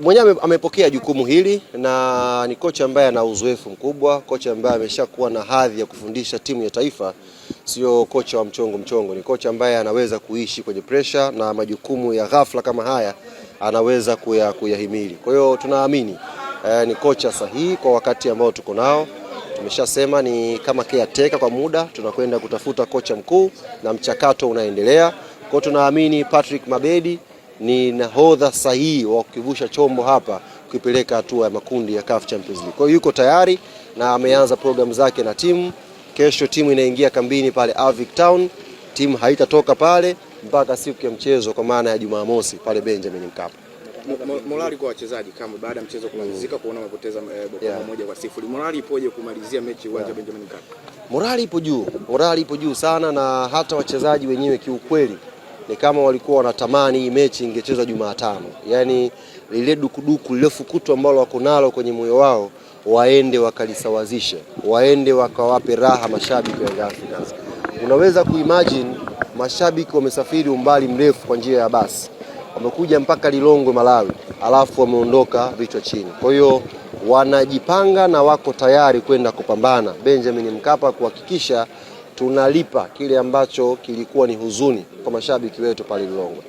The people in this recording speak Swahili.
mwenyewe amepokea jukumu hili na ni kocha ambaye ana uzoefu mkubwa, kocha ambaye ameshakuwa na hadhi ya kufundisha timu ya taifa. Sio kocha wa mchongo mchongo, ni kocha ambaye anaweza kuishi kwenye presha na majukumu ya ghafla kama haya anaweza kuyahimili. Kwa hiyo tunaamini eh, ni kocha sahihi kwa wakati ambao tuko nao. Tumeshasema ni kama caretaker kwa muda, tunakwenda kutafuta kocha mkuu na mchakato unaendelea. Kwa hiyo tunaamini Patrick Mabedi ni nahodha sahihi wa kukivusha chombo hapa kupeleka hatua ya makundi ya CAF Champions League. Kwa hiyo yuko tayari na ameanza programu zake na timu. Kesho timu inaingia kambini pale Avic Town, timu haitatoka pale mpaka siku ya mchezo kwa maana ya Jumamosi pale Benjamin Mkapa. Morali kwa wachezaji kama baada ya mchezo kumalizika kuona wamepoteza eh, bao moja kwa sifuri. Morali ipoje kumalizia mechi uwanja Benjamin Mkapa? Morali ipo juu, morali ipo juu sana na hata wachezaji wenyewe kiukweli ni kama walikuwa wanatamani hii mechi ingechezwa Jumatano, yaani lile dukuduku lile fukutu ambalo wako nalo kwenye moyo wao waende wakalisawazishe, waende wakawape raha mashabiki wa Africans. Unaweza kuimagine mashabiki wamesafiri umbali mrefu kwa njia ya basi, wamekuja mpaka Lilongwe Malawi, alafu wameondoka vichwa chini. Kwa hiyo wanajipanga na wako tayari kwenda kupambana Benjamin Mkapa kuhakikisha tunalipa kile ambacho kilikuwa ni huzuni kwa mashabiki wetu pale Lilongwe.